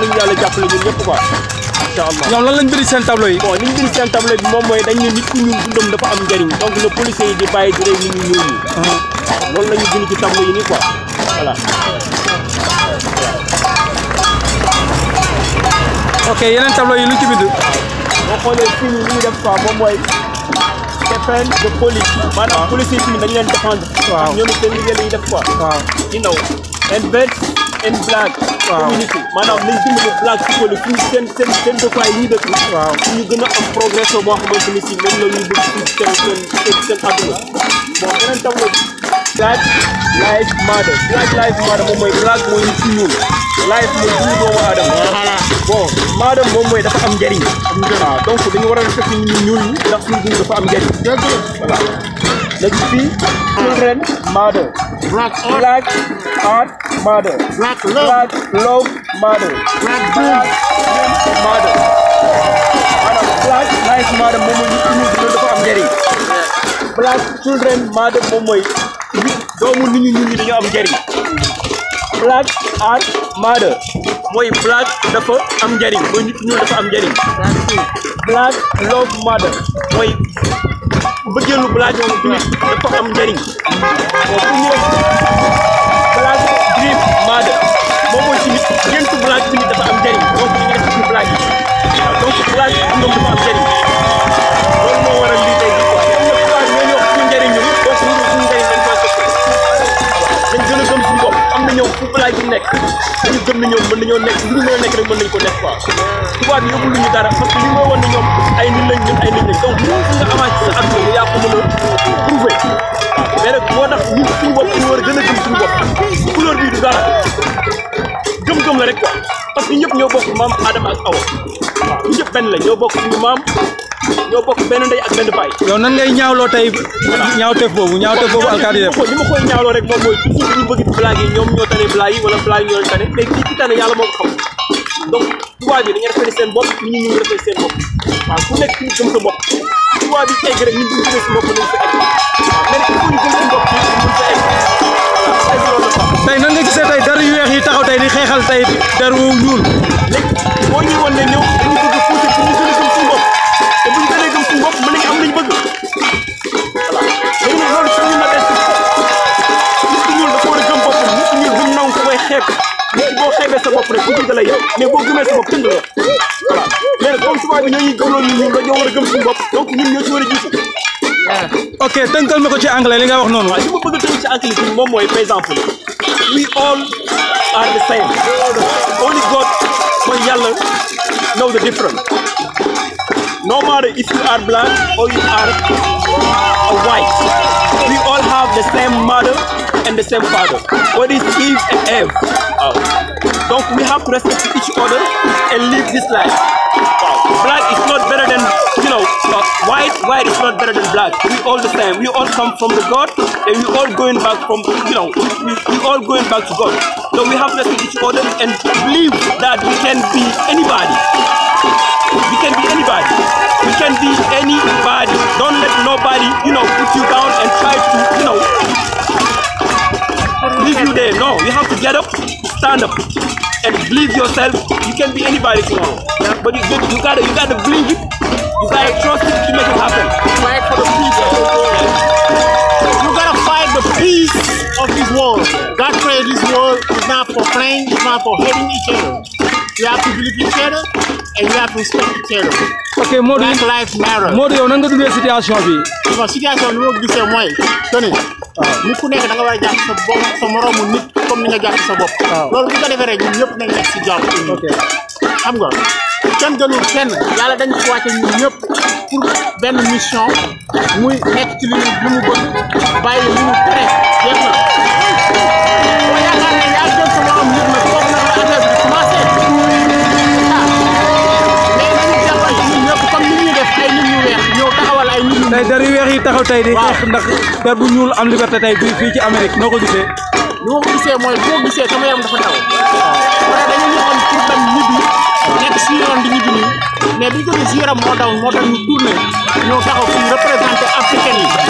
yàlla ñu yàlla jàppale ñun ñëpp quoi incha allah ñoom lan lañ bëri seen tableau yi bon li ñu bëri seen tableau bi moom mooy dañ ne nit ku ñuul dundam dafa am njëriñ donc le policier yi di bàyyi di rey nit ñu ñuul ñi uh-huh. loolu la ñu bind ci tableau yi nii quoi voilà ok yeneen tableau yi lu ci bind boo xoolee fii nii li ñu def quoi moom mooy defend de police maanaam police yi fii dañ leen défendre waaw ñoom seen liggéey la ñu def quoi waaw ci ndaw and en blague communauté maanaam nañ dimbali blague ci koli suñu seen seen seen dëkkuwaay yi ñuy dëkk waaw suñu gën a am progression boo xamante ni si moom la ñuy bëgg ci seen seen seen seen adduna bon beneen tam mooy black life matter black life matter moom mooy black mooy ci ñuul life mooy ci doomu aadama bon maadam moom mooy dafa am njëriñ waaw donc dañu war a fekk ñu ñuul ñi ndax suñu dund dafa am njëriñ voilà léegi fii children matter Black art. Black art model. Black love. Black love model. Black boom. Black model. And a black life mother. moment you need to know am njëriñ. Black children mother. moom you doomu nit ñi ñun dañoo am njëriñ. Black art mother. mooy black dafa am njëriñ mooy nit ñi dafa am njëriñ. Black love mother. mooy. bëggeelu plage moom tamit dafa am njëriñ boo ko ñëwee plage Dream Mada na ñoom fu place bi nekk dañu gëm na ñoom mën nañoo nekk lu ñu mën a nekk rek mën nañu ko nekk quoi tubaab bi yóbbu lu ñu dara parce que li moo wan ne ñoom ay nit lañ ñun ay nit lañ donc loolu fu nga amaat ci sa adduna bi yaa ko mën a prouver waaw mais nag moo tax ñun suñu bopp ñu war a gën a gëm suñu bopp couleur bii du dara gëm-gëm la rek quoi parce que ñëpp ñoo bokk maam Adama ak Awa waaw ñëpp benn la ñoo bokk suñu maam ñoo bokk benn ndey ak benn baay. yow nan ngay ñaawloo tey. ñaawteef boobu ñaawteef boobu alkaati def li ma koy ñaawloo rek moom mooy toujours dañu bëgg blague yi ñoom ñoo tane blague yi wala blague yi ñoo leen tane mais kii bi dañu seen bopp nit sa bopp ñu gëm seen nan nga gisee tey dar yu weex yi taxaw tey di xeexal tey daru ñuul boo ñuy woon ne ñëw xeeb nit ki boo xeebee sa bopp rek ku tuuti lay yow mais boo gëmee sa bopp tënd la voilà mais nag comme souvent bi ñooñu gëmloo nit ñi ba ñoo war a gëm suñu bopp donc ñun ñoo ci war a jiitu. Ah. ok tënkal ma ko ci anglais li nga wax noonu. waaw li ma bëgg a tënk ci anglais bi moom mooy par exemple we all are the same only God mooy yàlla know the difference no matter if you are black or you are. A white. We all have the same mother and the same father. What is Eve and Eve? Oh. don't we have to respect each other and live this life? black is not better than, you know, uh, white. White is not better than black. We all the same. We all come from the God and we all going back from, you know, we, we all going back to God. So we have to respect each other and believe that we can be anybody. We can be anybody. We can be anybody. Don't let nobody, you know, put you down and try to, you know, leave you there. No, you have to get up, stand up, and believe yourself. You can be anybody tomorrow. Yeah? But you, you, gotta, you gotta believe You gotta trust it to make it happen. Fight for the people. You gotta fight the peace of this world. God created this world. It's not for playing. It's not for hating each other. We have to believe each other. a yaatu spectateur. ok Modou Black Lives Matter. Modou yow nan nga dundee situation bi. bon situation bi ma gisee mooy. que ni nekk da war a jàpp sa bopp sa moroomu nit comme ni nga jàpp sa loolu bu ko defee rek ñun ñëpp nekk si jàmm. ok xam nga kenn gënul kenn yàlla dañ ko wàcce ñun ñëpp pour benn mission muy nekk ci li mu bëgg mu tere jeex taxaw tey di xeex ndax der bu ñuul am liberté tey bi fii ci Amérique noo ko gisee lu ma ko gisee mooy boo gisee sama yaram dafa daw wala dañu ñëwoon pour dem ñibbi nekk si yoon di ñibbi nii mais bi ñu ko si yaram moo daw moo tax ñu tourné ñoo taxaw fii représenté africaine yi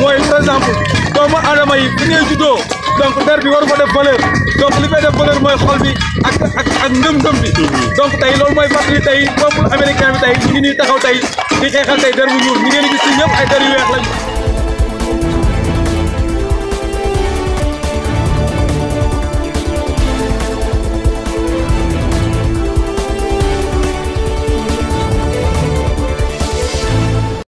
mooy par exemple doomu aadama yi fi ngay juddoo donc der bi waru fa def valeur donc li fay def valeur mooy xol bi ak ak ak ngëm-ngëm bi donc tey loolu mooy fàttali tey peuple américain bi tey ñu ngi nii taxaw tey di xeexal tey der bu ñuul ñi ngeen gis si ñëpp ay der yu weex lañ